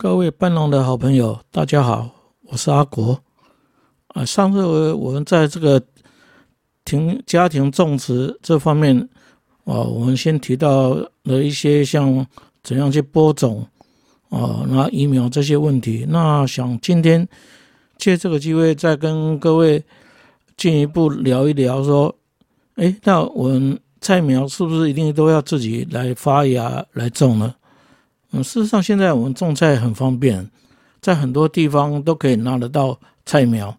各位伴農的好朋友，大家好，我是阿國。啊，上次我們在這個庭家庭種植這方面，啊，我們先提到了一些像怎樣去播種，啊，那移苗這些問題。那想今天借這個機會再跟各位進一步聊一聊，說，哎、欸，那我們菜苗是不是一定都要自己來發芽來種呢？嗯，事實上，現在我們種菜很方便，在很多地方都可以拿得到菜苗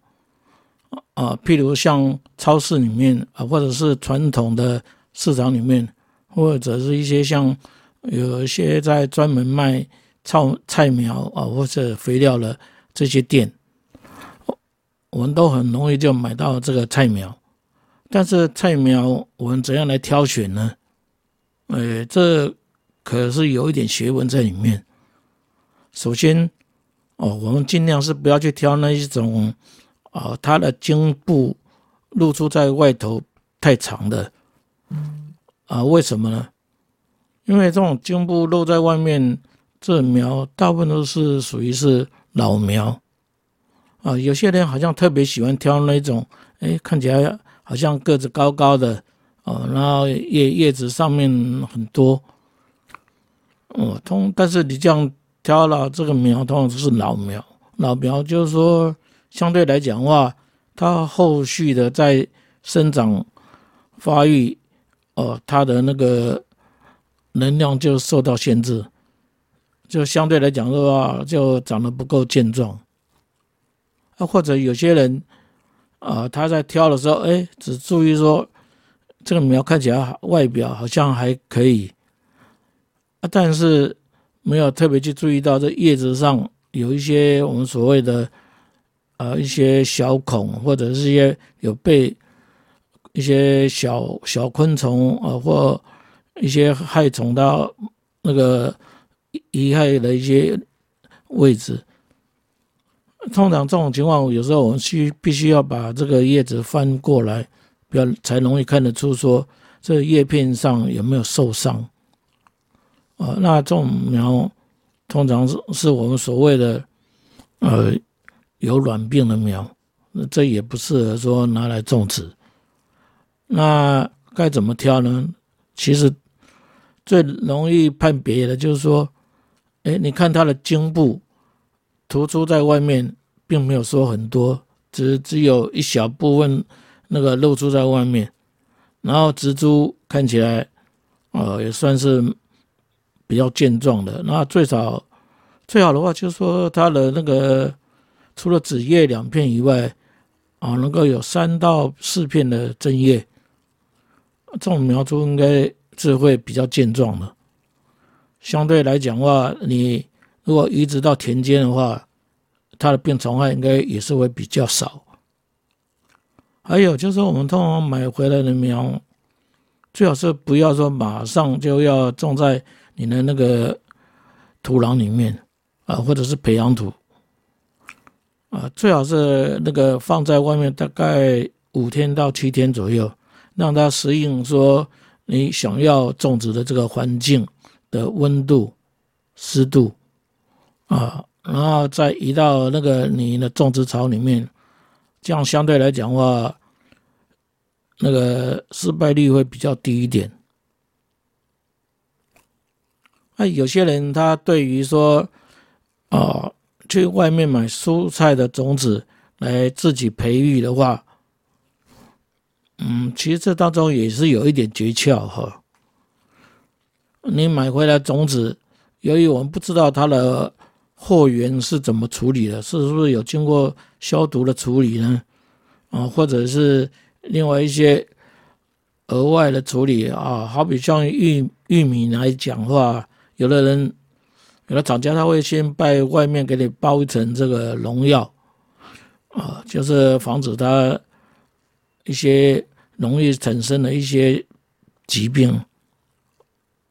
啊，譬如像超市裡面啊，或者是傳統的市場裡面，或者是一些像有一些在專門賣菜菜苗啊，或者肥料的這些店，我們都很容易就買到這個菜苗。但是菜苗我們怎樣來挑選呢？呃、欸，這。可是有一點學問在裡面。首先，哦，我們儘量是不要去挑那一種，啊、呃，它的莖部露出在外頭太長的。啊，為什麼呢？因為這種莖部露在外面，這苗大部分都是屬於是老苗。啊，有些人好像特別喜歡挑那一種，哎、欸，看起來好像個子高高的，哦、啊，然後葉葉子上面很多。哦，通，但是你這樣挑了，啊，這個苗，通常是老苗。老苗就是說，相對來講的話，它後續的在生長、發育，哦、呃，它的那個能量就受到限制，就相對來講的話，就長得不夠健壯。啊，或者有些人，啊、呃，他在挑的時候，哎、欸，只注意說這個苗看起來外表好像還可以。啊，但是沒有特別去注意到，這葉子上有一些我們所謂的，呃，一些小孔，或者是一些有被一些小小昆蟲啊、呃，或一些害蟲到那個遺害的一些位置。通常這種情況，有時候我們需必須要把這個葉子翻過來，比較才容易看得出說，這葉片上有沒有受傷。呃，那種苗通常是是我們所謂的呃有軟病的苗，這也不適合說拿來種植。那該怎麼挑呢？其實最容易判別的就是說，哎、欸，你看它的莖部突出在外面，並沒有說很多，只只有一小部分那個露出在外面，然後植株看起來，呃，也算是。比較健壯的，那最少最好的話就是說，它的那個除了子葉兩片以外，啊，能夠有三到四片的真葉，這種苗株應該是會比較健壯的。相對來講的話，你如果移植到田間的話，它的病蟲害應該也是會比較少。還有就是說我們通常買回來的苗，最好是不要說馬上就要種在。你的那個土壤裡面啊，或者是培養土啊，最好是那個放在外面大概五天到七天左右，讓它適應說你想要種植的這個環境的溫度、濕度啊，然後再移到那個你的種植槽裡面，這樣相對來講的話，那個失敗率會比較低一點。那、啊、有些人他對於說，啊，去外面買蔬菜的種子來自己培育的話，嗯，其實這當中也是有一點訣竅哈。你買回來種子，由於我們不知道它的貨源是怎麼處理的，是不是有經過消毒的處理呢？啊，或者是另外一些額外的處理啊，好比像玉玉米來講的話。有的人，有的廠家他會先在外面給你包一層這個農藥，啊，就是防止它一些容易產生的一些疾病，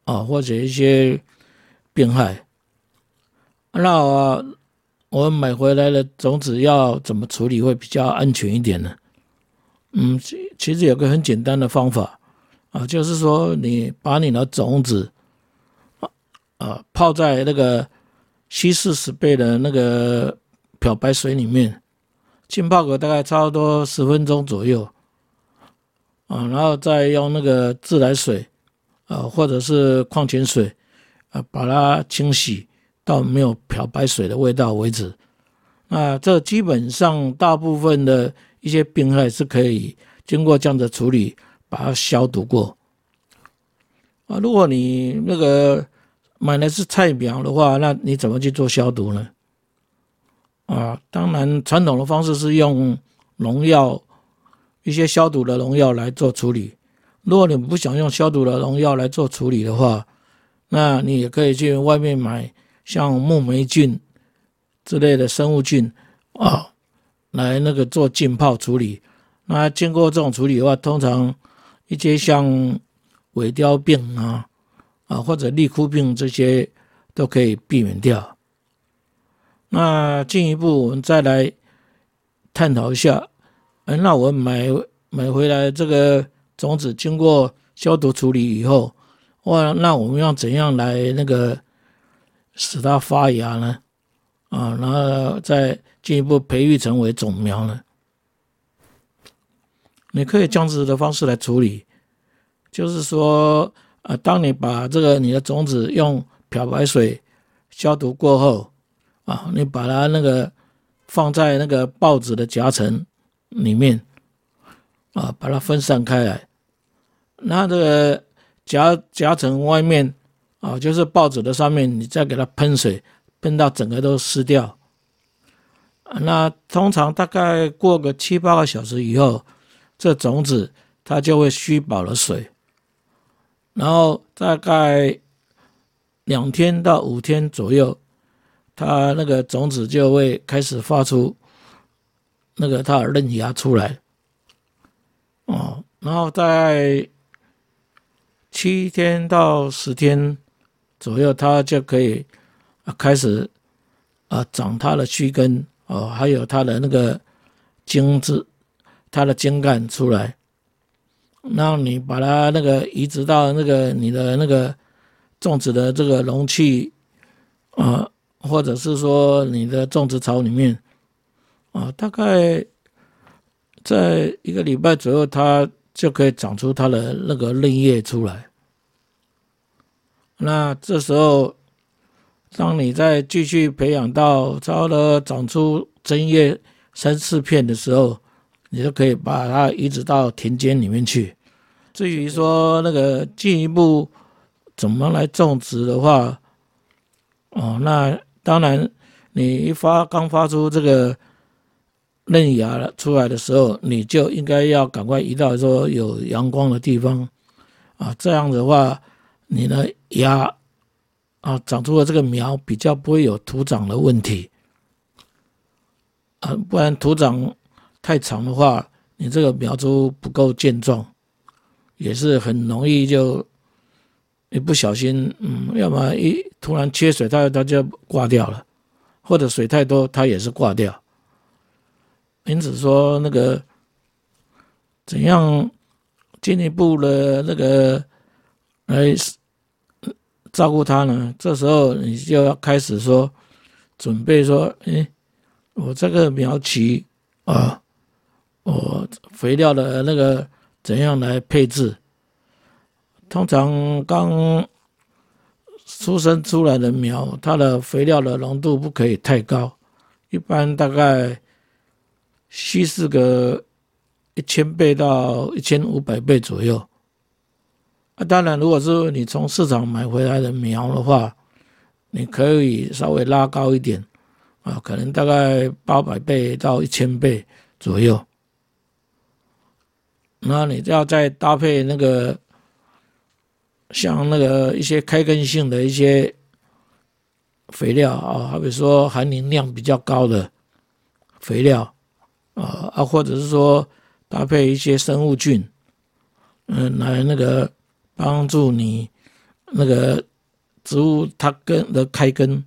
啊，或者一些病害。那我，我買回來的種子要怎麼處理會比較安全一點呢？嗯，其實有個很簡單的方法，啊，就是說你把你的種子。呃、啊，泡在那個稀釋十倍的那個漂白水裡面，浸泡個大概差不多十分鐘左右，啊，然後再用那個自來水，呃、啊，或者是礦泉水，呃、啊，把它清洗到沒有漂白水的味道為止。那這基本上大部分的一些病害是可以經過這樣的處理，把它消毒過。啊，如果你那個。買的是菜苗的話，那你怎麼去做消毒呢？啊，當然傳統的方式是用農藥、一些消毒的農藥來做處理。如果你不想用消毒的農藥來做處理的話，那你也可以去外面買像木黴菌之類的生物菌啊，來那個做浸泡處理。那經過這種處理的話，通常一些像萎凋病啊，啊，或者立枯病，這些都可以避免掉。那進一步，我們再來探討一下。哎，那我買買回來這個種子經過消毒處理以後，哇，那我們要怎樣來那個使它發芽呢？啊，然後再進一步培育成為種苗呢？你可以這樣子的方式來處理，就是說。啊，當你把這個你的種子用漂白水消毒過後，啊，你把它那個放在那個報紙的夾層裡面，啊，把它分散開來，那這個夾夾層外面，啊，就是報紙的上面，你再給它噴水，噴到整個都濕掉。啊，那通常大概過個七八個小時以後，這種子它就會吸飽了水。然後大概兩天到五天左右，它那個種子就會開始發出那個它的嫩芽出來。哦，然後在七天到十天左右，它就可以開始啊長它的須根哦，還有它的那個莖枝，它的莖幹出來。那你把它那個移植到那個你的那個種植的這個容器，啊、呃，或者是說你的種植槽裡面，啊、呃，大概在一個禮拜左右，它就可以長出它的那個嫩葉出來。那這時候，當你再繼續培養到差不多長出真葉三四片的時候，你就可以把它移植到田間裡面去。至於說那個進一步怎麼來種植的話，哦，那當然，你一發剛發出這個嫩芽了出來的時候，你就應該要趕快移到說有陽光的地方啊。這樣的話，你的芽啊長出了這個苗比較不會有徒長的問題啊，不然徒長。太長的話，你這個苗株不夠健壯，也是很容易就一不小心，嗯，要麼一突然缺水，它它就掛掉了，或者水太多，它也是掛掉。因此說，那個怎樣進一步的那個來照顧它呢？這時候你就要開始說，準備說，欸，我這個苗期啊。哦，肥料的那個怎樣來配置？通常剛出生出來的苗，它的肥料的濃度不可以太高，一般大概稀釋個一千倍到一千五百倍左右。啊，當然，如果是你從市場買回來的苗的話，你可以稍微拉高一點，啊，可能大概八百倍到一千倍左右。那你要再搭配那個，像那個一些開根性的一些肥料啊，好比說含磷量比較高的肥料，啊啊，或者是說搭配一些生物菌，嗯，來那個幫助你那個植物它根的開根，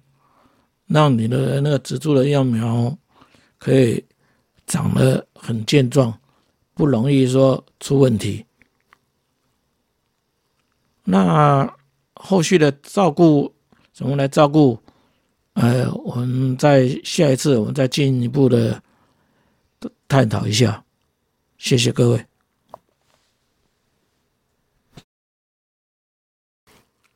讓你的那個植株的幼苗可以長得很健壯。不容易說出問題，那後續的照顧怎麼來照顧？呃、哎，我們再下一次，我們再進一步的探討一下。謝謝各位。